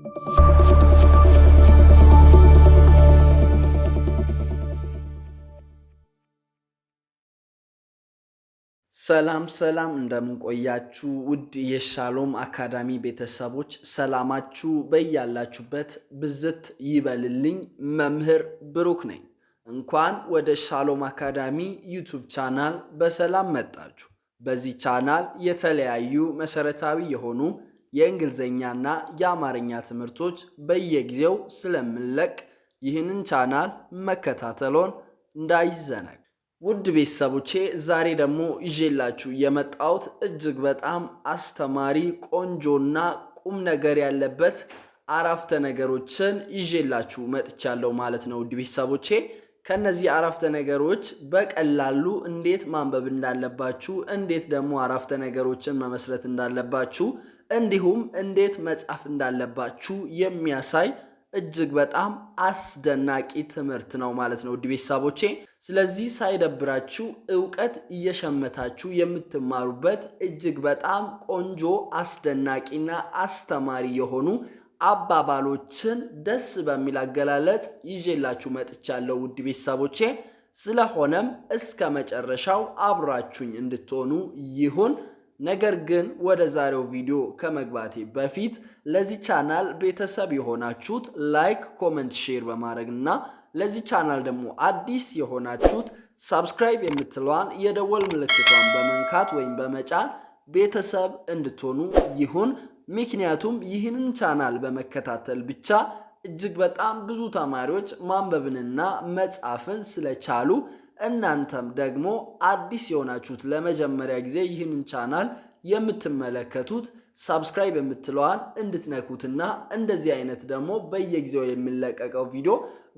ሰላም ሰላም፣ እንደምንቆያችሁ ውድ የሻሎም አካዳሚ ቤተሰቦች ሰላማችሁ በያላችሁበት ብዝት ይበልልኝ። መምህር ብሩክ ነኝ። እንኳን ወደ ሻሎም አካዳሚ ዩቱብ ቻናል በሰላም መጣችሁ። በዚህ ቻናል የተለያዩ መሰረታዊ የሆኑ የእንግሊዝኛና የአማርኛ ትምህርቶች በየጊዜው ስለምንለቅ ይህንን ቻናል መከታተሎን እንዳይዘነግ። ውድ ቤተሰቦቼ ዛሬ ደግሞ ይዤላችሁ የመጣሁት እጅግ በጣም አስተማሪ ቆንጆና ቁም ነገር ያለበት አረፍተ ነገሮችን ይዤላችሁ መጥቻለሁ ማለት ነው። ውድ ቤተሰቦቼ ከነዚህ አረፍተ ነገሮች በቀላሉ እንዴት ማንበብ እንዳለባችሁ፣ እንዴት ደግሞ አረፍተ ነገሮችን መመስረት እንዳለባችሁ እንዲሁም እንዴት መጻፍ እንዳለባችሁ የሚያሳይ እጅግ በጣም አስደናቂ ትምህርት ነው ማለት ነው ውድ ቤተሰቦቼ። ስለዚህ ሳይደብራችሁ እውቀት እየሸመታችሁ የምትማሩበት እጅግ በጣም ቆንጆ አስደናቂና አስተማሪ የሆኑ አባባሎችን ደስ በሚል አገላለጽ ይዤላችሁ መጥቻለሁ ውድ ቤተሰቦቼ። ስለሆነም እስከ መጨረሻው አብራችሁኝ እንድትሆኑ ይሁን። ነገር ግን ወደ ዛሬው ቪዲዮ ከመግባቴ በፊት ለዚህ ቻናል ቤተሰብ የሆናችሁት ላይክ፣ ኮመንት፣ ሼር በማድረግ እና ለዚህ ቻናል ደግሞ አዲስ የሆናችሁት ሳብስክራይብ የምትለዋን የደወል ምልክቷን በመንካት ወይም በመጫን ቤተሰብ እንድትሆኑ ይሁን። ምክንያቱም ይህንን ቻናል በመከታተል ብቻ እጅግ በጣም ብዙ ተማሪዎች ማንበብንና መጻፍን ስለቻሉ እናንተም ደግሞ አዲስ የሆናችሁት ለመጀመሪያ ጊዜ ይህንን ቻናል የምትመለከቱት ሳብስክራይብ የምትለዋን እንድትነኩትና እንደዚህ አይነት ደግሞ በየጊዜው የሚለቀቀው ቪዲዮ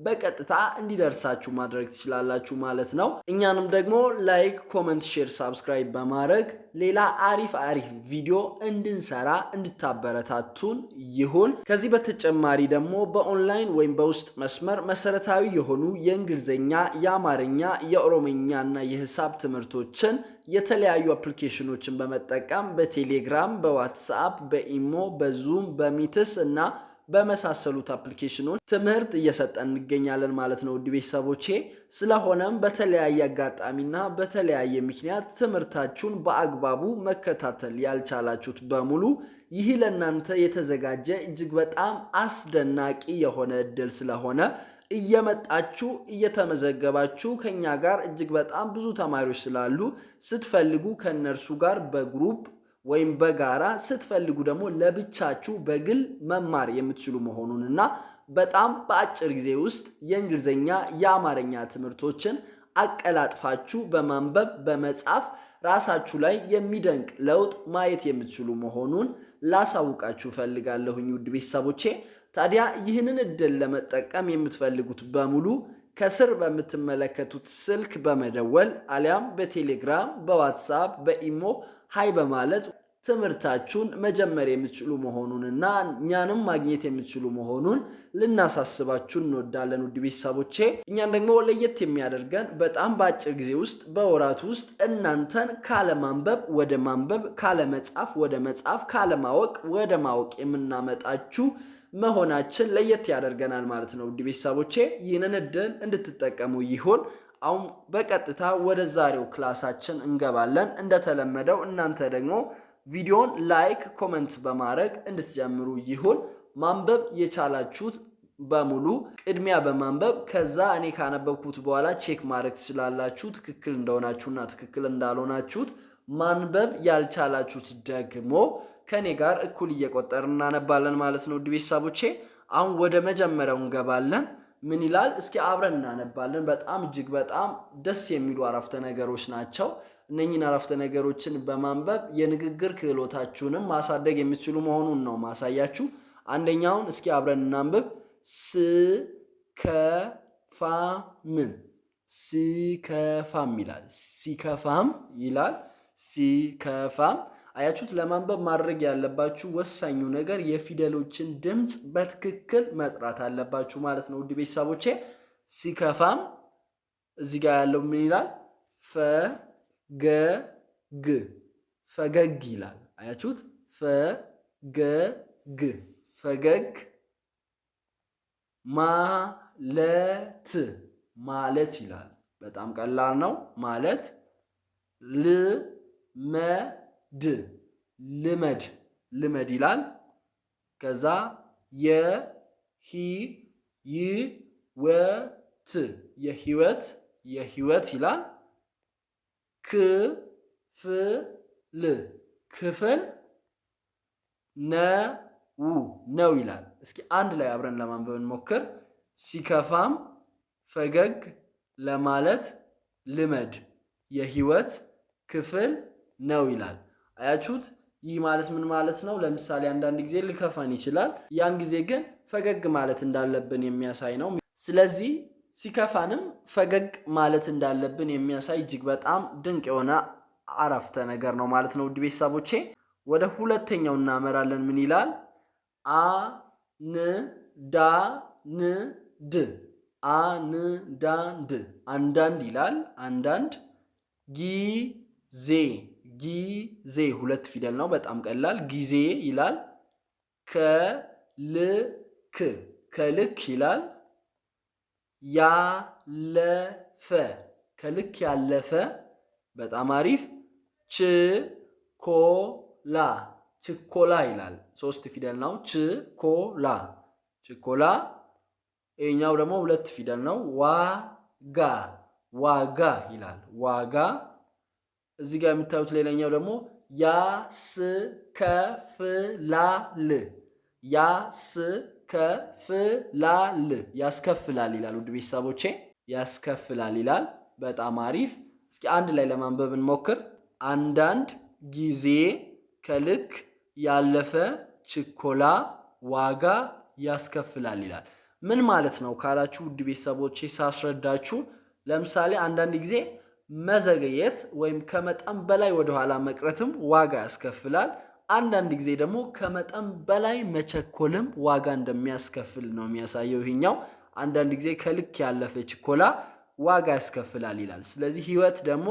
በቀጥታ እንዲደርሳችሁ ማድረግ ትችላላችሁ ማለት ነው። እኛንም ደግሞ ላይክ፣ ኮመንት፣ ሼር፣ ሳብስክራይብ በማድረግ ሌላ አሪፍ አሪፍ ቪዲዮ እንድንሰራ እንድታበረታቱን ይሁን። ከዚህ በተጨማሪ ደግሞ በኦንላይን ወይም በውስጥ መስመር መሰረታዊ የሆኑ የእንግሊዝኛ፣ የአማርኛ፣ የኦሮምኛ እና የሂሳብ ትምህርቶችን የተለያዩ አፕሊኬሽኖችን በመጠቀም በቴሌግራም በዋትሳ በዋትስአፕ፣ በኢሞ፣ በዙም፣ በሚትስ እና በመሳሰሉት አፕሊኬሽኖች ትምህርት እየሰጠን እንገኛለን ማለት ነው ውድ ቤተሰቦቼ። ስለሆነም በተለያየ አጋጣሚና በተለያየ ምክንያት ትምህርታችሁን በአግባቡ መከታተል ያልቻላችሁት በሙሉ ይህ ለእናንተ የተዘጋጀ እጅግ በጣም አስደናቂ የሆነ እድል ስለሆነ እየመጣችሁ እየተመዘገባችሁ ከኛ ጋር እጅግ በጣም ብዙ ተማሪዎች ስላሉ ስትፈልጉ ከእነርሱ ጋር በግሩፕ ወይም በጋራ ስትፈልጉ ደግሞ ለብቻችሁ በግል መማር የምትችሉ መሆኑን እና በጣም በአጭር ጊዜ ውስጥ የእንግሊዝኛ የአማርኛ ትምህርቶችን አቀላጥፋችሁ በማንበብ በመጻፍ ራሳችሁ ላይ የሚደንቅ ለውጥ ማየት የምትችሉ መሆኑን ላሳውቃችሁ ፈልጋለሁኝ ውድ ቤተሰቦቼ። ታዲያ ይህንን እድል ለመጠቀም የምትፈልጉት በሙሉ ከስር በምትመለከቱት ስልክ በመደወል አሊያም በቴሌግራም፣ በዋትሳፕ፣ በኢሞ ሀይ በማለት ትምህርታችሁን መጀመር የምትችሉ እና እኛንም ማግኘት የምትችሉ መሆኑን ልናሳስባችሁ እንወዳለን። ውድ ቤተሰቦቼ እኛን ደግሞ ለየት የሚያደርገን በጣም በአጭር ጊዜ ውስጥ በወራት ውስጥ እናንተን ካለማንበብ ወደ ማንበብ፣ ካለመጻፍ ወደ መጻፍ፣ ካለማወቅ ወደ ማወቅ የምናመጣችሁ መሆናችን ለየት ያደርገናል ማለት ነው። ውድ ቤተሰቦቼ ይህንን እድል እንድትጠቀሙ ይሁን። አሁን በቀጥታ ወደ ዛሬው ክላሳችን እንገባለን። እንደተለመደው እናንተ ደግሞ ቪዲዮን ላይክ፣ ኮመንት በማድረግ እንድትጀምሩ ይሁን። ማንበብ የቻላችሁት በሙሉ ቅድሚያ በማንበብ ከዛ እኔ ካነበብኩት በኋላ ቼክ ማድረግ ትችላላችሁ፣ ትክክል እንደሆናችሁና ትክክል እንዳልሆናችሁት። ማንበብ ያልቻላችሁት ደግሞ ከእኔ ጋር እኩል እየቆጠር እናነባለን ማለት ነው። ውድ ቤተሰቦቼ አሁን ወደ መጀመሪያው እንገባለን። ምን ይላል? እስኪ አብረን እናነባለን። በጣም እጅግ በጣም ደስ የሚሉ አረፍተ ነገሮች ናቸው። እነኝን አረፍተ ነገሮችን በማንበብ የንግግር ክህሎታችሁንም ማሳደግ የምትችሉ መሆኑን ነው ማሳያችሁ። አንደኛውን እስኪ አብረን እናንብብ። ስከፋምን ሲከፋም ይላል። ሲከፋም ይላል። ሲከፋም አያችሁት? ለማንበብ ማድረግ ያለባችሁ ወሳኙ ነገር የፊደሎችን ድምፅ በትክክል መጥራት አለባችሁ ማለት ነው። ውድ ቤተሰቦቼ ሲከፋም እዚህ ጋር ያለው ምን ይላል? ፈገግ ፈገግ ይላል። አያችሁት? ፈገግ ፈገግ ማለት ማለት ይላል። በጣም ቀላል ነው ማለት ልመ ድ ልመድ ልመድ ይላል። ከዛ ሂ ይ ወ ት የህይወት የህይወት ይላል። ክፍል ክፍል ነው ነው ይላል። እስኪ አንድ ላይ አብረን ለማንበብ እንሞክር። ሲከፋም ፈገግ ለማለት ልመድ የህይወት ክፍል ነው ይላል። አያችሁት? ይህ ማለት ምን ማለት ነው? ለምሳሌ አንዳንድ ጊዜ ሊከፋን ይችላል። ያን ጊዜ ግን ፈገግ ማለት እንዳለብን የሚያሳይ ነው። ስለዚህ ሲከፋንም ፈገግ ማለት እንዳለብን የሚያሳይ እጅግ በጣም ድንቅ የሆነ አረፍተ ነገር ነው ማለት ነው። ውድ ቤተሰቦቼ ወደ ሁለተኛው እናመራለን። ምን ይላል? አንዳንድ አንዳንድ አንዳንድ ይላል። አንዳንድ ጊዜ ጊዜ ሁለት ፊደል ነው። በጣም ቀላል ጊዜ ይላል። ከልክ ከልክ ይላል። ያለፈ ከልክ ያለፈ በጣም አሪፍ። ችኮላ ችኮላ ይላል። ሶስት ፊደል ነው። ችኮላ ችኮላ። ይህኛው ደግሞ ሁለት ፊደል ነው። ዋጋ ዋጋ ይላል። ዋጋ እዚህ ጋር የምታዩት ሌላኛው ደግሞ ያስከፍላል ያስከፍላል ያስከፍላል ይላል። ውድ ቤተሰቦቼ ያስከፍላል ይላል። በጣም አሪፍ። እስኪ አንድ ላይ ለማንበብ እንሞክር። አንዳንድ ጊዜ ከልክ ያለፈ ችኮላ ዋጋ ያስከፍላል ይላል። ምን ማለት ነው ካላችሁ ውድ ቤተሰቦቼ ሳስረዳችሁ፣ ለምሳሌ አንዳንድ ጊዜ መዘግየት ወይም ከመጠን በላይ ወደኋላ መቅረትም ዋጋ ያስከፍላል። አንዳንድ ጊዜ ደግሞ ከመጠን በላይ መቸኮልም ዋጋ እንደሚያስከፍል ነው የሚያሳየው ይሄኛው። አንዳንድ ጊዜ ከልክ ያለፈ ችኮላ ዋጋ ያስከፍላል ይላል። ስለዚህ ህይወት ደግሞ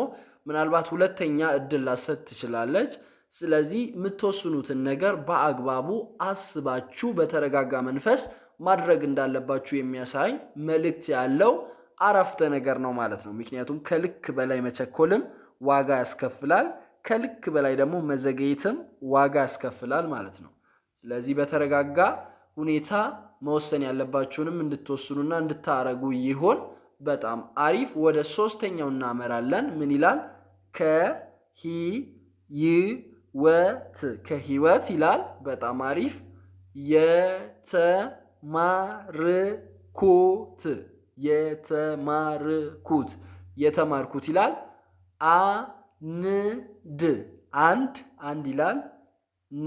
ምናልባት ሁለተኛ እድል ላሰጥ ትችላለች። ስለዚህ የምትወስኑትን ነገር በአግባቡ አስባችሁ በተረጋጋ መንፈስ ማድረግ እንዳለባችሁ የሚያሳይ መልእክት ያለው አረፍተ ነገር ነው ማለት ነው። ምክንያቱም ከልክ በላይ መቸኮልም ዋጋ ያስከፍላል፣ ከልክ በላይ ደግሞ መዘገየትም ዋጋ ያስከፍላል ማለት ነው። ስለዚህ በተረጋጋ ሁኔታ መወሰን ያለባችሁንም እንድትወስኑና እንድታረጉ ይሆን። በጣም አሪፍ። ወደ ሶስተኛው እናመራለን። ምን ይላል? ከሂይወት ከህይወት ይላል። በጣም አሪፍ የተማርኩት የተማርኩት የተማርኩት ይላል። አንድ አንድ አንድ ይላል።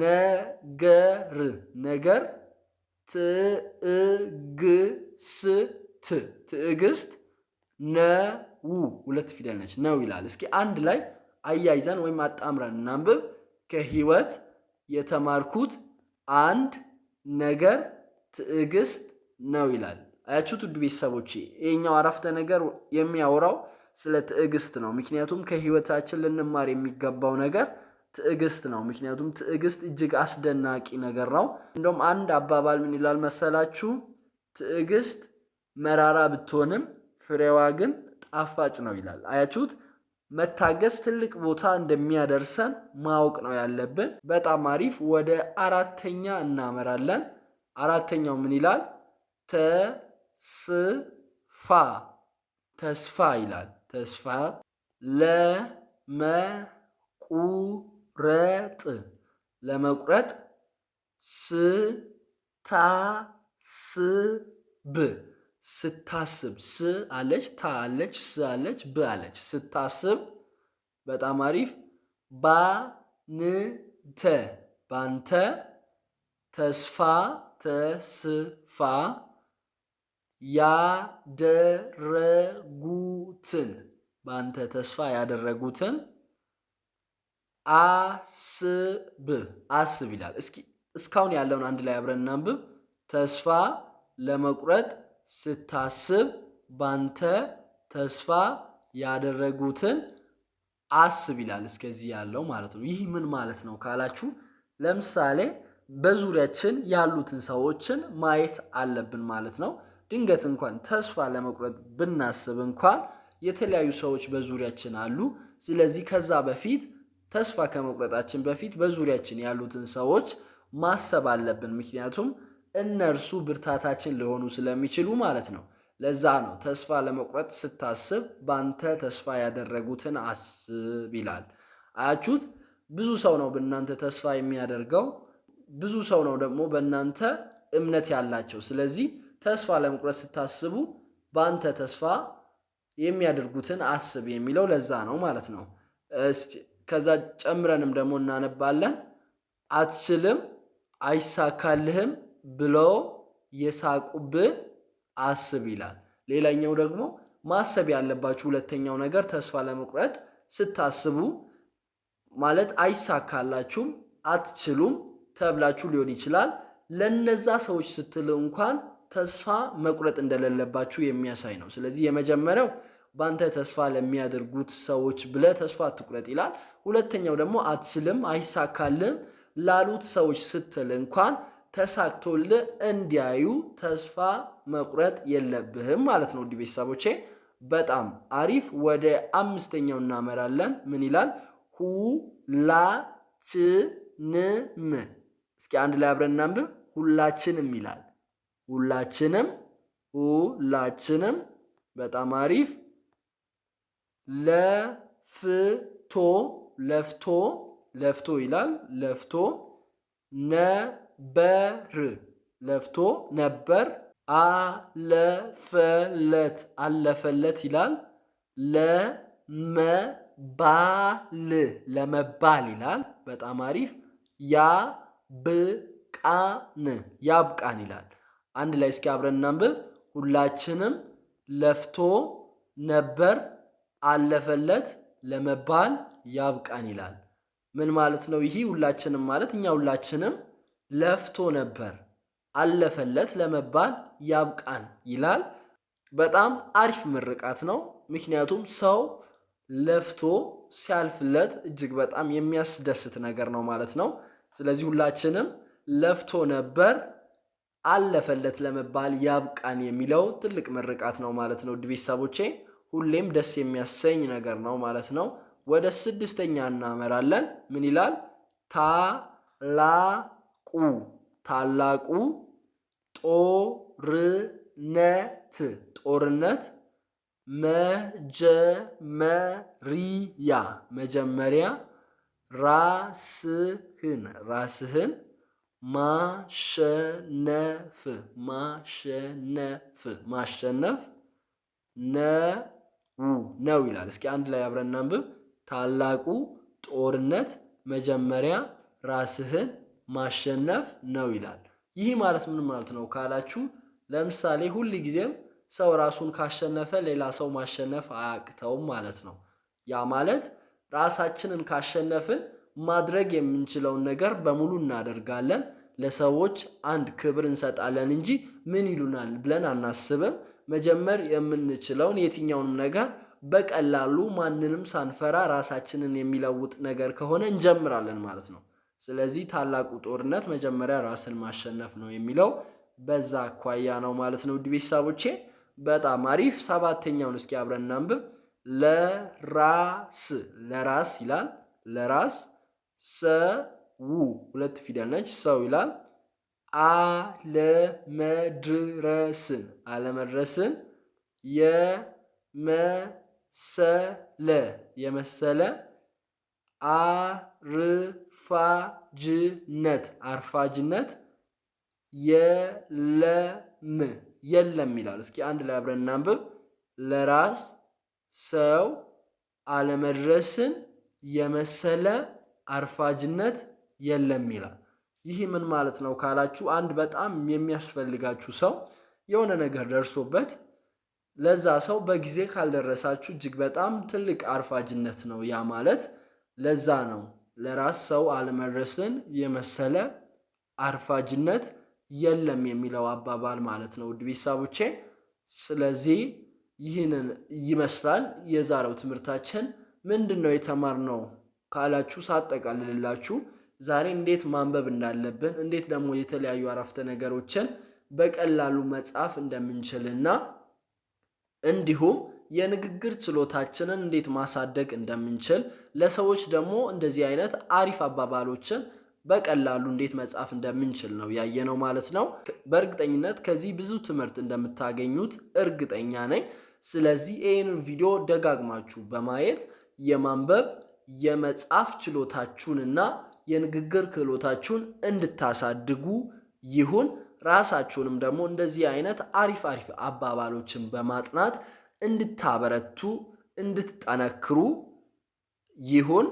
ነገር ነገር ትዕግስት ትዕግስት ነው ሁለት ፊደል ነች ነው ይላል። እስኪ አንድ ላይ አያይዘን ወይም አጣምረን እናንብብ። ከህይወት የተማርኩት አንድ ነገር ትዕግስት ነው ይላል። አያችሁት ውድ ቤተሰቦቼ፣ ይህኛው አረፍተ ነገር የሚያወራው ስለ ትዕግስት ነው። ምክንያቱም ከህይወታችን ልንማር የሚገባው ነገር ትዕግስት ነው። ምክንያቱም ትዕግስት እጅግ አስደናቂ ነገር ነው። እንደውም አንድ አባባል ምን ይላል መሰላችሁ? ትዕግስት መራራ ብትሆንም ፍሬዋ ግን ጣፋጭ ነው ይላል። አያችሁት መታገስ ትልቅ ቦታ እንደሚያደርሰን ማወቅ ነው ያለብን። በጣም አሪፍ። ወደ አራተኛ እናመራለን። አራተኛው ምን ይላል? ስፋ ተስፋ ይላል። ተስፋ ለመቁረጥ ለመቁረጥ ስታስብ ስታስብ ስ አለች ታ አለች ስ አለች ብ አለች ስታስብ በጣም አሪፍ ባንተ ባንተ ተስፋ ተስፋ ያደረጉትን በአንተ ተስፋ ያደረጉትን አስብ አስብ ይላል። እስኪ እስካሁን ያለውን አንድ ላይ አብረን እናንብብ። ተስፋ ለመቁረጥ ስታስብ ባንተ ተስፋ ያደረጉትን አስብ ይላል። እስከዚህ ያለው ማለት ነው። ይህ ምን ማለት ነው ካላችሁ፣ ለምሳሌ በዙሪያችን ያሉትን ሰዎችን ማየት አለብን ማለት ነው። ድንገት እንኳን ተስፋ ለመቁረጥ ብናስብ እንኳን የተለያዩ ሰዎች በዙሪያችን አሉ። ስለዚህ ከዛ በፊት ተስፋ ከመቁረጣችን በፊት በዙሪያችን ያሉትን ሰዎች ማሰብ አለብን። ምክንያቱም እነርሱ ብርታታችን ሊሆኑ ስለሚችሉ ማለት ነው። ለዛ ነው ተስፋ ለመቁረጥ ስታስብ በአንተ ተስፋ ያደረጉትን አስብ ይላል። አያችሁት? ብዙ ሰው ነው በእናንተ ተስፋ የሚያደርገው። ብዙ ሰው ነው ደግሞ በእናንተ እምነት ያላቸው። ስለዚህ ተስፋ ለመቁረጥ ስታስቡ በአንተ ተስፋ የሚያደርጉትን አስብ የሚለው ለዛ ነው ማለት ነው። ከዛ ጨምረንም ደግሞ እናነባለን። አትችልም፣ አይሳካልህም ብሎ የሳቁብህ አስብ ይላል። ሌላኛው ደግሞ ማሰብ ያለባችሁ ሁለተኛው ነገር ተስፋ ለመቁረጥ ስታስቡ ማለት አይሳካላችሁም፣ አትችሉም ተብላችሁ ሊሆን ይችላል። ለነዛ ሰዎች ስትል እንኳን ተስፋ መቁረጥ እንደሌለባችሁ የሚያሳይ ነው። ስለዚህ የመጀመሪያው በአንተ ተስፋ ለሚያደርጉት ሰዎች ብለህ ተስፋ አትቁረጥ ይላል። ሁለተኛው ደግሞ አትችልም፣ አይሳካልም ላሉት ሰዎች ስትል እንኳን ተሳክቶልህ እንዲያዩ ተስፋ መቁረጥ የለብህም ማለት ነው። ውድ ቤተሰቦቼ በጣም አሪፍ። ወደ አምስተኛው እናመራለን። ምን ይላል? ሁላችንም። እስኪ አንድ ላይ አብረን እናንብብ። ሁላችንም ይላል ሁላችንም ሁላችንም በጣም አሪፍ ለፍቶ ለፍቶ ለፍቶ ይላል ለፍቶ ነበር ለፍቶ ነበር አለፈለት አለፈለት ይላል ለመባል ለመባል ይላል በጣም አሪፍ ያብቃን ያብቃን ይላል አንድ ላይ እስኪ አብረን እናንብብ። ሁላችንም ለፍቶ ነበር አለፈለት ለመባል ያብቃን ይላል። ምን ማለት ነው? ይሄ ሁላችንም ማለት እኛ ሁላችንም ለፍቶ ነበር አለፈለት ለመባል ያብቃን ይላል። በጣም አሪፍ ምርቃት ነው። ምክንያቱም ሰው ለፍቶ ሲያልፍለት እጅግ በጣም የሚያስደስት ነገር ነው ማለት ነው። ስለዚህ ሁላችንም ለፍቶ ነበር አለፈለት ለመባል ያብቃን የሚለው ትልቅ ምርቃት ነው ማለት ነው። ውድ ቤተሰቦቼ ሁሌም ደስ የሚያሰኝ ነገር ነው ማለት ነው። ወደ ስድስተኛ እናመራለን። ምን ይላል? ታላቁ ታላቁ ጦርነት ጦርነት መጀመሪያ መጀመሪያ ራስህን ራስህን ማሸነፍ ማሸነፍ ማሸነፍ ነው ነው ይላል። እስኪ አንድ ላይ አብረን እናንብብ። ታላቁ ጦርነት መጀመሪያ ራስህን ማሸነፍ ነው ይላል። ይህ ማለት ምን ማለት ነው ካላችሁ፣ ለምሳሌ ሁል ጊዜም ሰው ራሱን ካሸነፈ ሌላ ሰው ማሸነፍ አያቅተውም ማለት ነው። ያ ማለት ራሳችንን ካሸነፍን ማድረግ የምንችለውን ነገር በሙሉ እናደርጋለን። ለሰዎች አንድ ክብር እንሰጣለን እንጂ ምን ይሉናል ብለን አናስብም። መጀመር የምንችለውን የትኛውንም ነገር በቀላሉ ማንንም ሳንፈራ ራሳችንን የሚለውጥ ነገር ከሆነ እንጀምራለን ማለት ነው። ስለዚህ ታላቁ ጦርነት መጀመሪያ ራስን ማሸነፍ ነው የሚለው በዛ አኳያ ነው ማለት ነው። ውድ ቤተሰቦቼ በጣም አሪፍ። ሰባተኛውን እስኪ አብረን እናንብብ። ለራስ ለራስ ይላል ለራስ ሰ ው ሁለት ፊደል ነች። ሰው ይላል። አለመድረስን አለመድረስን የመሰለ የመሰለ አርፋጅነት አርፋጅነት የለም የለም ይላል። እስኪ አንድ ላይ አብረን እናንብብ። ለራስ ሰው አለመድረስን የመሰለ አርፋጅነት የለም ይላል። ይህ ምን ማለት ነው ካላችሁ አንድ በጣም የሚያስፈልጋችሁ ሰው የሆነ ነገር ደርሶበት ለዛ ሰው በጊዜ ካልደረሳችሁ እጅግ በጣም ትልቅ አርፋጅነት ነው። ያ ማለት ለዛ ነው ለራስ ሰው አለመድረስን የመሰለ አርፋጅነት የለም የሚለው አባባል ማለት ነው። ውድ ቤተሰቦቼ ስለዚህ ይህንን ይመስላል የዛሬው ትምህርታችን። ምንድን ነው የተማርነው ካላችሁ ሳጠቃልልላችሁ ዛሬ እንዴት ማንበብ እንዳለብን እንዴት ደግሞ የተለያዩ አረፍተ ነገሮችን በቀላሉ መጻፍ እንደምንችልና እንዲሁም የንግግር ችሎታችንን እንዴት ማሳደግ እንደምንችል ለሰዎች ደግሞ እንደዚህ አይነት አሪፍ አባባሎችን በቀላሉ እንዴት መጻፍ እንደምንችል ነው ያየነው ማለት ነው። በእርግጠኝነት ከዚህ ብዙ ትምህርት እንደምታገኙት እርግጠኛ ነኝ። ስለዚህ ይህንን ቪዲዮ ደጋግማችሁ በማየት የማንበብ የመጻፍ ችሎታችሁንና የንግግር ክህሎታችሁን እንድታሳድጉ ይሁን። ራሳችሁንም ደግሞ እንደዚህ አይነት አሪፍ አሪፍ አባባሎችን በማጥናት እንድታበረቱ እንድትጠነክሩ ይሁን።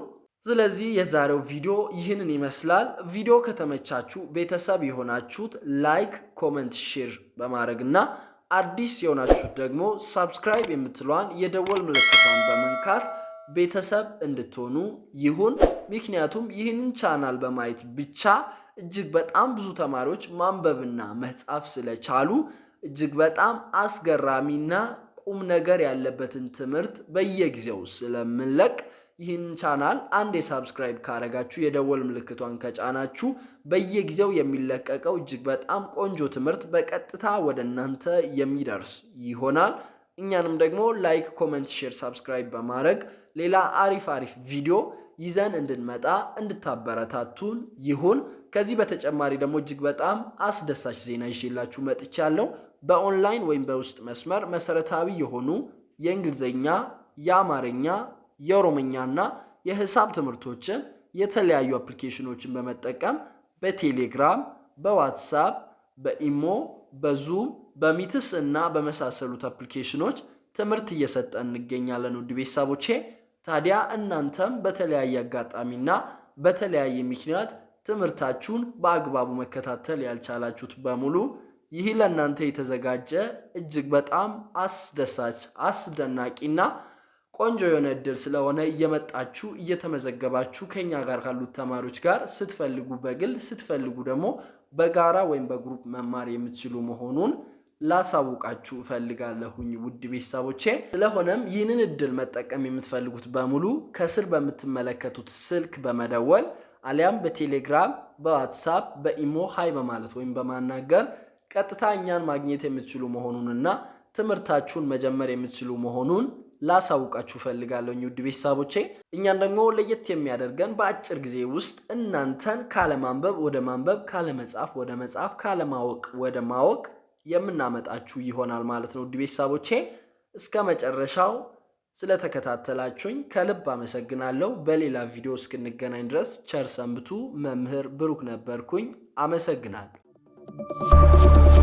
ስለዚህ የዛሬው ቪዲዮ ይህንን ይመስላል። ቪዲዮ ከተመቻችሁ ቤተሰብ የሆናችሁት ላይክ፣ ኮመንት፣ ሼር በማድረግ እና አዲስ የሆናችሁት ደግሞ ሳብስክራይብ የምትለዋን የደወል ምልክቷን በመንካት ቤተሰብ እንድትሆኑ ይሁን። ምክንያቱም ይህንን ቻናል በማየት ብቻ እጅግ በጣም ብዙ ተማሪዎች ማንበብና መጻፍ ስለቻሉ እጅግ በጣም አስገራሚና ቁም ነገር ያለበትን ትምህርት በየጊዜው ስለምንለቅ ይህን ቻናል አንድ የሳብስክራይብ ካረጋችሁ የደወል ምልክቷን ከጫናችሁ በየጊዜው የሚለቀቀው እጅግ በጣም ቆንጆ ትምህርት በቀጥታ ወደ እናንተ የሚደርስ ይሆናል። እኛንም ደግሞ ላይክ፣ ኮመንት፣ ሼር፣ ሳብስክራይብ በማድረግ ሌላ አሪፍ አሪፍ ቪዲዮ ይዘን እንድንመጣ እንድታበረታቱን ይሁን። ከዚህ በተጨማሪ ደግሞ እጅግ በጣም አስደሳች ዜና ይዤላችሁ መጥቻለሁ። በኦንላይን ወይም በውስጥ መስመር መሰረታዊ የሆኑ የእንግሊዝኛ፣ የአማርኛ፣ የኦሮምኛና የሂሳብ ትምህርቶችን የተለያዩ አፕሊኬሽኖችን በመጠቀም በቴሌግራም፣ በዋትሳፕ፣ በኢሞ፣ በዙም፣ በሚትስ እና በመሳሰሉት አፕሊኬሽኖች ትምህርት እየሰጠን እንገኛለን። ውድ ቤተሰቦቼ ታዲያ እናንተም በተለያየ አጋጣሚና በተለያየ ምክንያት ትምህርታችሁን በአግባቡ መከታተል ያልቻላችሁት በሙሉ ይህ ለእናንተ የተዘጋጀ እጅግ በጣም አስደሳች አስደናቂና ቆንጆ የሆነ እድል ስለሆነ እየመጣችሁ እየተመዘገባችሁ ከኛ ጋር ካሉት ተማሪዎች ጋር ስትፈልጉ በግል ስትፈልጉ ደግሞ በጋራ ወይም በግሩፕ መማር የምትችሉ መሆኑን ላሳውቃችሁ እፈልጋለሁኝ ውድ ቤተሰቦቼ። ስለሆነም ይህንን እድል መጠቀም የምትፈልጉት በሙሉ ከስር በምትመለከቱት ስልክ በመደወል አሊያም በቴሌግራም፣ በዋትሳፕ፣ በኢሞ ሀይ በማለት ወይም በማናገር ቀጥታ እኛን ማግኘት የምትችሉ መሆኑንና ትምህርታችሁን መጀመር የምትችሉ መሆኑን ላሳውቃችሁ እፈልጋለሁኝ ውድ ቤተሰቦቼ። እኛን ደግሞ ለየት የሚያደርገን በአጭር ጊዜ ውስጥ እናንተን ካለማንበብ ወደ ማንበብ፣ ካለመጻፍ ወደ መጻፍ፣ ካለማወቅ ወደ ማወቅ የምናመጣችሁ ይሆናል ማለት ነው። ውድ ቤተሰቦቼ እስከ መጨረሻው ስለተከታተላችሁኝ ከልብ አመሰግናለሁ። በሌላ ቪዲዮ እስክንገናኝ ድረስ ቸር ሰንብቱ። መምህር ብሩክ ነበርኩኝ። አመሰግናለሁ።